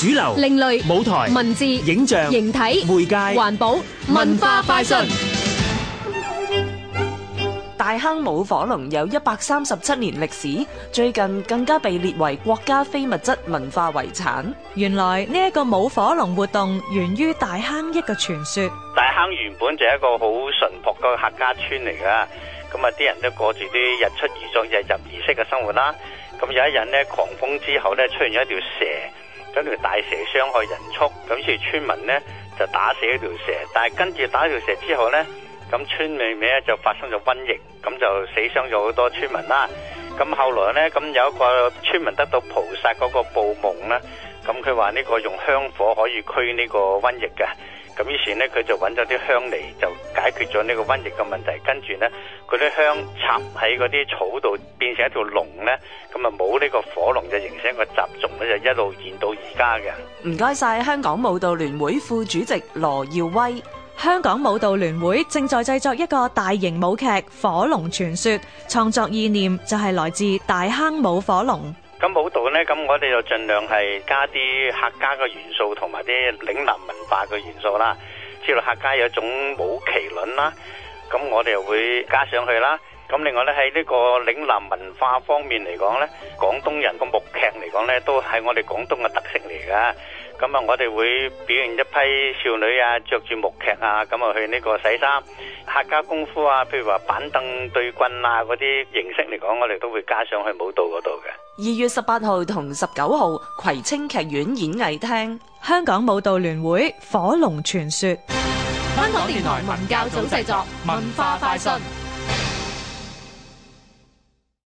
主流、另類、舞台、文字、影像、形體、媒介、環保、文化快訊。大坑舞火龍有一百三十七年歷史，最近更加被列為國家非物質文化遺產。原來呢一個舞火龍活動源於大坑一個傳說。大坑原本就係一個好淳樸嘅客家村嚟噶，咁啊啲人都過住啲日出而作、日入而息嘅生活啦。咁有一日呢，狂風之後呢，出現咗一條蛇。咁條大蛇傷害人畜，咁所以村民呢就打死咗條蛇。但係跟住打條蛇之後呢，咁村裏面咧就發生咗瘟疫，咁就死傷咗好多村民啦。咁後來呢，咁有一個村民得到菩薩嗰個報夢啦，咁佢話呢個用香火可以驅呢個瘟疫嘅。咁於是咧，佢就揾咗啲香嚟，就解決咗呢個瘟疫嘅問題。跟住咧，佢啲香插喺嗰啲草度，變成一條龍咧。咁啊，冇呢個火龍就形成一個習俗咧，就一路延到而家嘅。唔該曬香港舞蹈聯會副主席羅耀威。香港舞蹈聯會正在製作一個大型舞劇《火龍傳說》，創作意念就係來自大坑舞火龍。咁舞蹈呢，咁我哋就盡量係加啲客家嘅元素，同埋啲嶺南文化嘅元素啦。知道客家有種舞麒麟啦，咁我哋又會加上去啦。咁另外呢，喺呢個嶺南文化方面嚟講呢，廣東人個木劇嚟講呢，都係我哋廣東嘅特色嚟㗎。咁啊，我哋會表現一批少女啊，着住木劇啊，咁啊去呢個洗衫客家功夫啊，譬如話板凳對棍啊嗰啲形式嚟講，我哋都會加上去舞蹈嗰度嘅。二月十八號同十九號，葵青劇院演藝廳，香港舞蹈聯會《火龍傳說》。香港電台文教組製作，文化快訊。